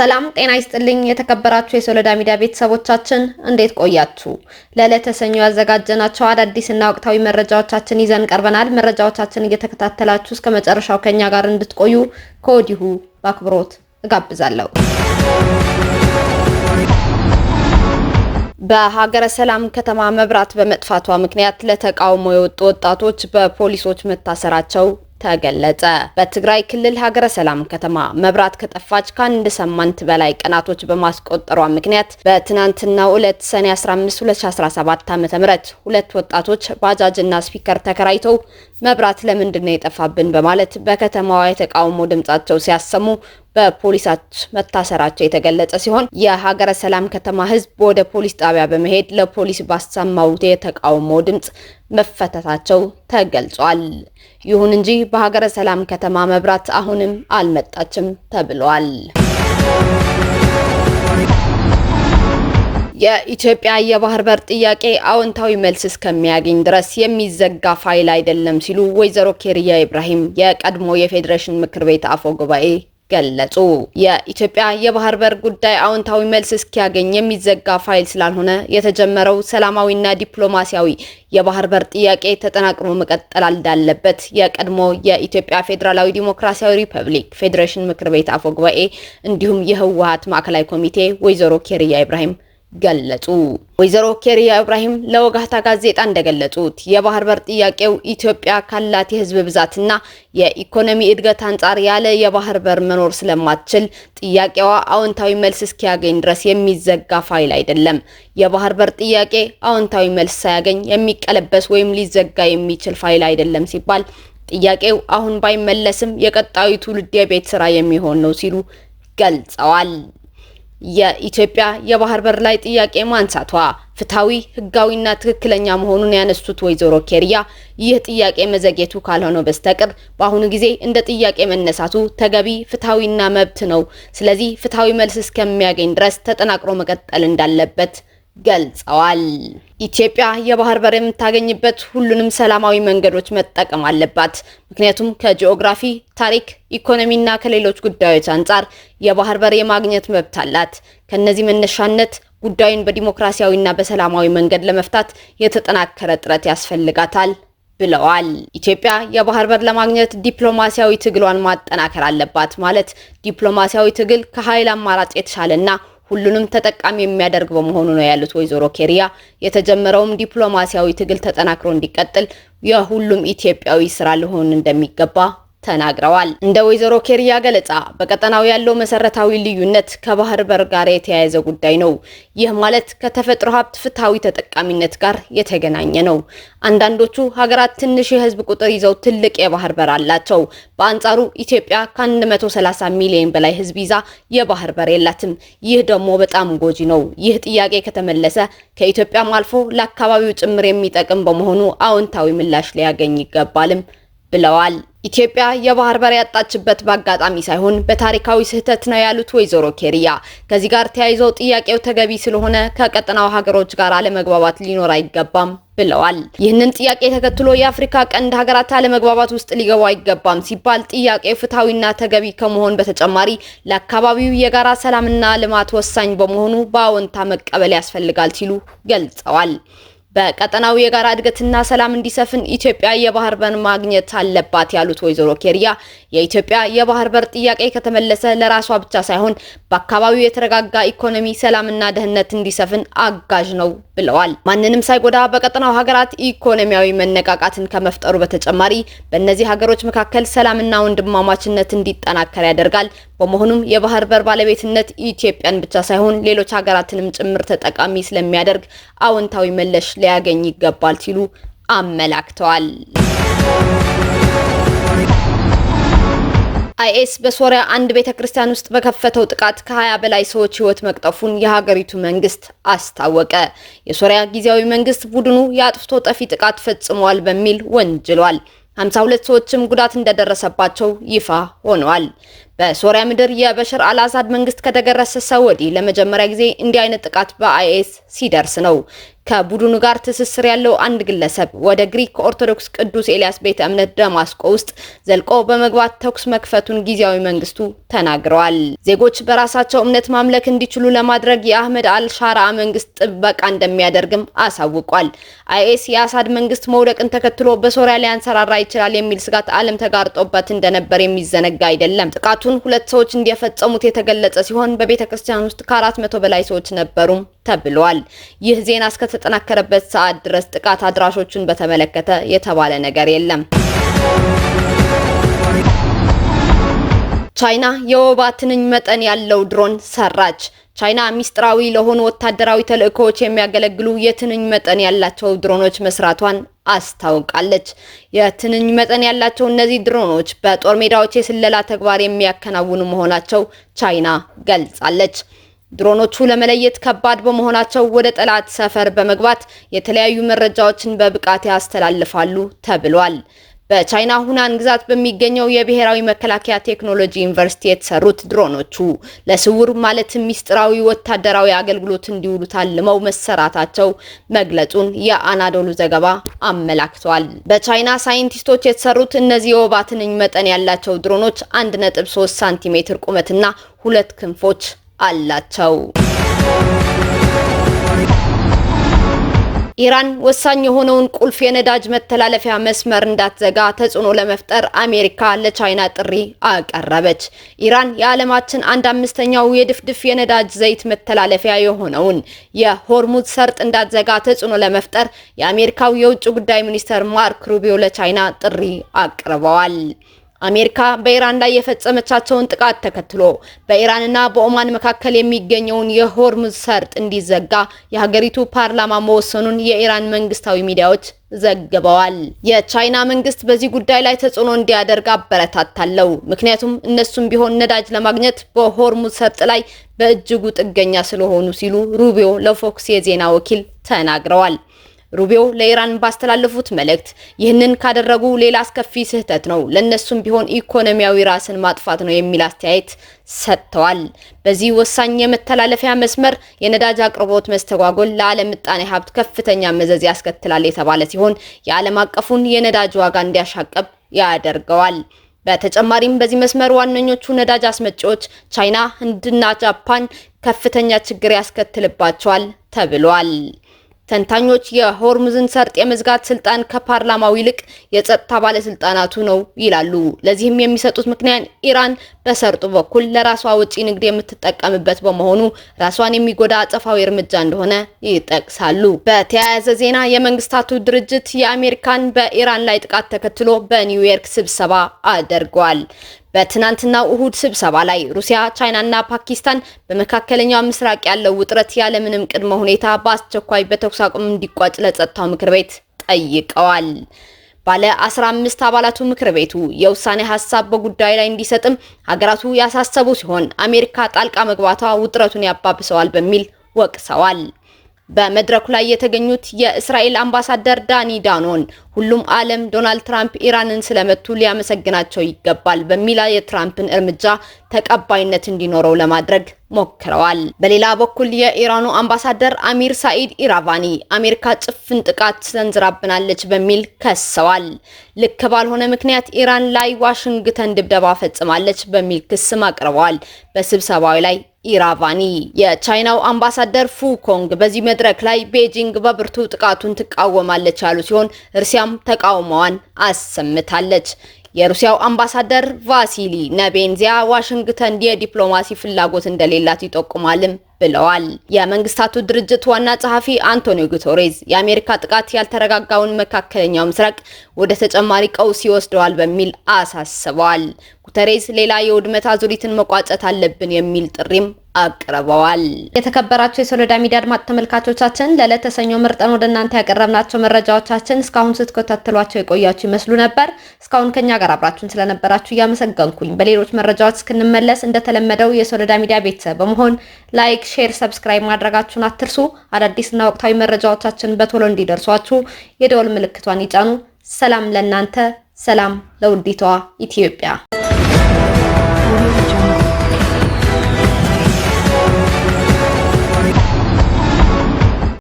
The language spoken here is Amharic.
ሰላም ጤና ይስጥልኝ። የተከበራችሁ የሶለዳ ሚዲያ ቤተሰቦቻችን እንዴት ቆያችሁ? ለዕለተ ሰኞ ያዘጋጀናቸው አዳዲስና ወቅታዊ መረጃዎቻችን ይዘን ቀርበናል። መረጃዎቻችን እየተከታተላችሁ እስከ መጨረሻው ከኛ ጋር እንድትቆዩ ከወዲሁ በአክብሮት እጋብዛለሁ። በሀገረ ሰላም ከተማ መብራት በመጥፋቷ ምክንያት ለተቃውሞ የወጡ ወጣቶች በፖሊሶች መታሰራቸው ተገለጸ። በትግራይ ክልል ሀገረ ሰላም ከተማ መብራት ከጠፋች ከአንድ ሳምንት በላይ ቀናቶች በማስቆጠሯ ምክንያት በትናንትናው ዕለት ሰኔ 15 2017 ም ሁለት ወጣቶች ባጃጅና ስፒከር ተከራይተው መብራት ለምንድን ነው የጠፋብን በማለት በከተማዋ የተቃውሞ ድምጻቸው ሲያሰሙ በፖሊሳት መታሰራቸው የተገለጸ ሲሆን የሀገረ ሰላም ከተማ ህዝብ ወደ ፖሊስ ጣቢያ በመሄድ ለፖሊስ ባሰማው የተቃውሞ ድምጽ መፈተታቸው ተገልጿል። ይሁን እንጂ በሀገረ ሰላም ከተማ መብራት አሁንም አልመጣችም ተብሏል። የኢትዮጵያ የባህር በር ጥያቄ አዎንታዊ መልስ እስከሚያገኝ ድረስ የሚዘጋ ፋይል አይደለም ሲሉ ወይዘሮ ኬሪያ ኢብራሂም የቀድሞ የፌዴሬሽን ምክር ቤት አፈ ጉባኤ ገለጹ። የኢትዮጵያ የባህር በር ጉዳይ አዎንታዊ መልስ እስኪያገኝ የሚዘጋ ፋይል ስላልሆነ የተጀመረው ሰላማዊና ዲፕሎማሲያዊ የባህር በር ጥያቄ ተጠናቅሮ መቀጠል እንዳለበት የቀድሞ የኢትዮጵያ ፌዴራላዊ ዲሞክራሲያዊ ሪፐብሊክ ፌዴሬሽን ምክር ቤት አፈ ጉባኤ እንዲሁም የህወሀት ማዕከላዊ ኮሚቴ ወይዘሮ ኬሪያ ኢብራሂም ገለጹ። ወይዘሮ ኬሪያ ኢብራሂም ለወጋታ ጋዜጣ እንደገለጹት የባህር በር ጥያቄው ኢትዮጵያ ካላት የህዝብ ብዛትና የኢኮኖሚ እድገት አንጻር ያለ የባህር በር መኖር ስለማትችል ጥያቄዋ አዎንታዊ መልስ እስኪያገኝ ድረስ የሚዘጋ ፋይል አይደለም። የባህር በር ጥያቄ አዎንታዊ መልስ ሳያገኝ የሚቀለበስ ወይም ሊዘጋ የሚችል ፋይል አይደለም ሲባል ጥያቄው አሁን ባይመለስም የቀጣዩ ትውልድ የቤት ስራ የሚሆን ነው ሲሉ ገልጸዋል። የኢትዮጵያ የባህር በር ላይ ጥያቄ ማንሳቷ ፍትሐዊ፣ ህጋዊና ትክክለኛ መሆኑን ያነሱት ወይዘሮ ኬሪያ ይህ ጥያቄ መዘግየቱ ካልሆነ በስተቀር በአሁኑ ጊዜ እንደ ጥያቄ መነሳቱ ተገቢ ፍትሐዊና መብት ነው። ስለዚህ ፍትሐዊ መልስ እስከሚያገኝ ድረስ ተጠናክሮ መቀጠል እንዳለበት ገልጸዋል። ኢትዮጵያ የባህር በር የምታገኝበት ሁሉንም ሰላማዊ መንገዶች መጠቀም አለባት። ምክንያቱም ከጂኦግራፊ፣ ታሪክ፣ ኢኮኖሚና ከሌሎች ጉዳዮች አንጻር የባህር በር የማግኘት መብት አላት። ከነዚህ መነሻነት ጉዳዩን በዲሞክራሲያዊና በሰላማዊ መንገድ ለመፍታት የተጠናከረ ጥረት ያስፈልጋታል ብለዋል። ኢትዮጵያ የባህር በር ለማግኘት ዲፕሎማሲያዊ ትግሏን ማጠናከር አለባት። ማለት ዲፕሎማሲያዊ ትግል ከኃይል አማራጭ የተሻለና ሁሉንም ተጠቃሚ የሚያደርግ በመሆኑ ነው ያሉት ወይዘሮ ኬሪያ የተጀመረውም ዲፕሎማሲያዊ ትግል ተጠናክሮ እንዲቀጥል የሁሉም ኢትዮጵያዊ ስራ ሊሆን እንደሚገባ ተናግረዋል። እንደ ወይዘሮ ኬሪያ ገለጻ በቀጠናው ያለው መሰረታዊ ልዩነት ከባህር በር ጋር የተያያዘ ጉዳይ ነው። ይህ ማለት ከተፈጥሮ ሀብት ፍትሐዊ ተጠቃሚነት ጋር የተገናኘ ነው። አንዳንዶቹ ሀገራት ትንሽ የህዝብ ቁጥር ይዘው ትልቅ የባህር በር አላቸው። በአንጻሩ ኢትዮጵያ ከ130 ሚሊዮን በላይ ህዝብ ይዛ የባህር በር የላትም። ይህ ደግሞ በጣም ጎጂ ነው። ይህ ጥያቄ ከተመለሰ ከኢትዮጵያም አልፎ ለአካባቢው ጭምር የሚጠቅም በመሆኑ አዎንታዊ ምላሽ ሊያገኝ ይገባልም ብለዋል። ኢትዮጵያ የባህር በር ያጣችበት በአጋጣሚ ሳይሆን በታሪካዊ ስህተት ነው ያሉት ወይዘሮ ኬሪያ ከዚህ ጋር ተያይዘው ጥያቄው ተገቢ ስለሆነ ከቀጠናው ሀገሮች ጋር አለመግባባት ሊኖር አይገባም ብለዋል። ይህንን ጥያቄ ተከትሎ የአፍሪካ ቀንድ ሀገራት አለመግባባት ውስጥ ሊገቡ አይገባም ሲባል ጥያቄው ፍትሐዊና ተገቢ ከመሆን በተጨማሪ ለአካባቢው የጋራ ሰላምና ልማት ወሳኝ በመሆኑ በአዎንታ መቀበል ያስፈልጋል ሲሉ ገልጸዋል። በቀጠናው የጋራ እድገትና ሰላም እንዲሰፍን ኢትዮጵያ የባህር በር ማግኘት አለባት ያሉት ወይዘሮ ኬሪያ የኢትዮጵያ የባህር በር ጥያቄ ከተመለሰ ለራሷ ብቻ ሳይሆን በአካባቢው የተረጋጋ ኢኮኖሚ፣ ሰላምና ደህንነት እንዲሰፍን አጋዥ ነው ብለዋል። ማንንም ሳይጎዳ በቀጠናው ሀገራት ኢኮኖሚያዊ መነቃቃትን ከመፍጠሩ በተጨማሪ በእነዚህ ሀገሮች መካከል ሰላምና ወንድማማችነት እንዲጠናከር ያደርጋል። በመሆኑም የባህር በር ባለቤትነት ኢትዮጵያን ብቻ ሳይሆን ሌሎች ሀገራትንም ጭምር ተጠቃሚ ስለሚያደርግ አዎንታዊ መለሽ ሊያገኝ ይገባል ሲሉ አመላክተዋል። አይኤስ በሶሪያ አንድ ቤተ ክርስቲያን ውስጥ በከፈተው ጥቃት ከ20 በላይ ሰዎች ህይወት መቅጠፉን የሀገሪቱ መንግስት አስታወቀ። የሶሪያ ጊዜያዊ መንግስት ቡድኑ የአጥፍቶ ጠፊ ጥቃት ፈጽሟል በሚል ወንጅሏል። 52 ሰዎችም ጉዳት እንደደረሰባቸው ይፋ ሆነዋል። በሶሪያ ምድር የበሽር አልአሳድ መንግስት ከተገረሰሰ ወዲህ ለመጀመሪያ ጊዜ እንዲህ አይነት ጥቃት በአይኤስ ሲደርስ ነው። ከቡድኑ ጋር ትስስር ያለው አንድ ግለሰብ ወደ ግሪክ ኦርቶዶክስ ቅዱስ ኤልያስ ቤተ እምነት ደማስቆ ውስጥ ዘልቆ በመግባት ተኩስ መክፈቱን ጊዜያዊ መንግስቱ ተናግረዋል። ዜጎች በራሳቸው እምነት ማምለክ እንዲችሉ ለማድረግ የአህመድ አልሻራ መንግስት ጥበቃ እንደሚያደርግም አሳውቋል። አይኤስ የአሳድ መንግስት መውደቅን ተከትሎ በሶሪያ ሊያንሰራራ ይችላል የሚል ስጋት ዓለም ተጋርጦበት እንደነበር የሚዘነጋ አይደለም። ጥቃቱን ሁለት ሰዎች እንዲፈጸሙት የተገለጸ ሲሆን በቤተክርስቲያን ውስጥ ከአራት መቶ በላይ ሰዎች ነበሩም ተብሏል። ይህ ዜና እስከተጠናከረበት ሰዓት ድረስ ጥቃት አድራሾቹን በተመለከተ የተባለ ነገር የለም። ቻይና የወባ ትንኝ መጠን ያለው ድሮን ሰራች። ቻይና ሚስጥራዊ ለሆኑ ወታደራዊ ተልዕኮዎች የሚያገለግሉ የትንኝ መጠን ያላቸው ድሮኖች መስራቷን አስታውቃለች። የትንኝ መጠን ያላቸው እነዚህ ድሮኖች በጦር ሜዳዎች የስለላ ተግባር የሚያከናውኑ መሆናቸው ቻይና ገልጻለች። ድሮኖቹ ለመለየት ከባድ በመሆናቸው ወደ ጠላት ሰፈር በመግባት የተለያዩ መረጃዎችን በብቃት ያስተላልፋሉ ተብሏል። በቻይና ሁናን ግዛት በሚገኘው የብሔራዊ መከላከያ ቴክኖሎጂ ዩኒቨርሲቲ የተሰሩት ድሮኖቹ ለስውር ማለትም ሚስጥራዊ ወታደራዊ አገልግሎት እንዲውሉ ታልመው መሰራታቸው መግለጹን የአናዶሉ ዘገባ አመላክቷል። በቻይና ሳይንቲስቶች የተሰሩት እነዚህ የወባ ትንኝ መጠን ያላቸው ድሮኖች 1.3 ሳንቲሜትር ቁመትና ሁለት ክንፎች አላቸው። ኢራን ወሳኝ የሆነውን ቁልፍ የነዳጅ መተላለፊያ መስመር እንዳትዘጋ ተጽዕኖ ለመፍጠር አሜሪካ ለቻይና ጥሪ አቀረበች። ኢራን የዓለማችን አንድ አምስተኛው የድፍድፍ የነዳጅ ዘይት መተላለፊያ የሆነውን የሆርሙዝ ሰርጥ እንዳትዘጋ ተጽዕኖ ለመፍጠር የአሜሪካው የውጭ ጉዳይ ሚኒስትር ማርክ ሩቢዮ ለቻይና ጥሪ አቅርበዋል። አሜሪካ በኢራን ላይ የፈጸመቻቸውን ጥቃት ተከትሎ በኢራንና በኦማን መካከል የሚገኘውን የሆርሙዝ ሰርጥ እንዲዘጋ የሀገሪቱ ፓርላማ መወሰኑን የኢራን መንግስታዊ ሚዲያዎች ዘግበዋል። የቻይና መንግስት በዚህ ጉዳይ ላይ ተጽዕኖ እንዲያደርግ አበረታታለው። ምክንያቱም እነሱም ቢሆን ነዳጅ ለማግኘት በሆርሙዝ ሰርጥ ላይ በእጅጉ ጥገኛ ስለሆኑ ሲሉ ሩቢዮ ለፎክስ የዜና ወኪል ተናግረዋል። ሩቢዮ ለኢራን ባስተላለፉት መልእክት ይህንን ካደረጉ ሌላ አስከፊ ስህተት ነው፣ ለእነሱም ቢሆን ኢኮኖሚያዊ ራስን ማጥፋት ነው የሚል አስተያየት ሰጥተዋል። በዚህ ወሳኝ የመተላለፊያ መስመር የነዳጅ አቅርቦት መስተጓጎል ለዓለም ምጣኔ ሀብት ከፍተኛ መዘዝ ያስከትላል የተባለ ሲሆን የዓለም አቀፉን የነዳጅ ዋጋ እንዲያሻቀብ ያደርገዋል። በተጨማሪም በዚህ መስመር ዋነኞቹ ነዳጅ አስመጪዎች ቻይና፣ ህንድና ጃፓን ከፍተኛ ችግር ያስከትልባቸዋል ተብሏል። ተንታኞች የሆርሙዝን ሰርጥ የመዝጋት ስልጣን ከፓርላማው ይልቅ የጸጥታ ባለስልጣናቱ ነው ይላሉ። ለዚህም የሚሰጡት ምክንያት ኢራን በሰርጡ በኩል ለራሷ ውጪ ንግድ የምትጠቀምበት በመሆኑ ራሷን የሚጎዳ አጸፋዊ እርምጃ እንደሆነ ይጠቅሳሉ። በተያያዘ ዜና የመንግስታቱ ድርጅት የአሜሪካን በኢራን ላይ ጥቃት ተከትሎ በኒውዮርክ ስብሰባ አድርጓል። በትናንትና እሁድ ስብሰባ ላይ ሩሲያ፣ ቻይናና ፓኪስታን በመካከለኛው ምስራቅ ያለው ውጥረት ያለምንም ቅድመ ሁኔታ በአስቸኳይ በተኩስ አቁም እንዲቋጭ ለጸጥታው ምክር ቤት ጠይቀዋል። ባለ 15 አባላቱ ምክር ቤቱ የውሳኔ ሀሳብ በጉዳዩ ላይ እንዲሰጥም ሀገራቱ ያሳሰቡ ሲሆን አሜሪካ ጣልቃ መግባቷ ውጥረቱን ያባብሰዋል በሚል ወቅሰዋል። በመድረኩ ላይ የተገኙት የእስራኤል አምባሳደር ዳኒ ዳኖን ሁሉም ዓለም ዶናልድ ትራምፕ ኢራንን ስለመቱ ሊያመሰግናቸው ይገባል በሚል የትራምፕን እርምጃ ተቀባይነት እንዲኖረው ለማድረግ ሞክረዋል። በሌላ በኩል የኢራኑ አምባሳደር አሚር ሳኢድ ኢራቫኒ አሜሪካ ጭፍን ጥቃት ሰንዝራብናለች በሚል ከሰዋል። ልክ ባልሆነ ምክንያት ኢራን ላይ ዋሽንግተን ድብደባ ፈጽማለች በሚል ክስም አቅርበዋል። በስብሰባው ላይ ኢራቫኒ የቻይናው አምባሳደር ፉ ኮንግ በዚህ መድረክ ላይ ቤጂንግ በብርቱ ጥቃቱን ትቃወማለች ያሉ ሲሆን ሩሲያም ተቃውሞዋን አሰምታለች። የሩሲያው አምባሳደር ቫሲሊ ነቤንዚያ ዋሽንግተን የዲፕሎማሲ ፍላጎት እንደሌላት ይጠቁማልም ብለዋል። የመንግስታቱ ድርጅት ዋና ጸሐፊ አንቶኒዮ ጉተሬዝ የአሜሪካ ጥቃት ያልተረጋጋውን መካከለኛው ምስራቅ ወደ ተጨማሪ ቀውስ ይወስደዋል በሚል አሳስበዋል። ጉተሬዝ ሌላ የውድመት አዙሪትን መቋጨት አለብን የሚል ጥሪም አቅርበዋል። የተከበራቸው የሶሎዳ ሚዲያ አድማጭ ተመልካቾቻችን ለዕለተ ሰኞ ምርጠን ወደ እናንተ ያቀረብናቸው መረጃዎቻችን እስካሁን ስትከታተሏቸው የቆያችሁ ይመስሉ ነበር። እስካሁን ከኛ ጋር አብራችሁን ስለነበራችሁ እያመሰገንኩኝ በሌሎች መረጃዎች እስክንመለስ እንደተለመደው የሶሎዳ ሚዲያ ቤተሰብ በመሆን ላይክ ሼር፣ ሰብስክራይብ ማድረጋችሁን አትርሱ። አዳዲስና ወቅታዊ መረጃዎቻችን በቶሎ እንዲደርሷችሁ የደወል ምልክቷን ይጫኑ። ሰላም ለእናንተ፣ ሰላም ለውዲቷ ኢትዮጵያ።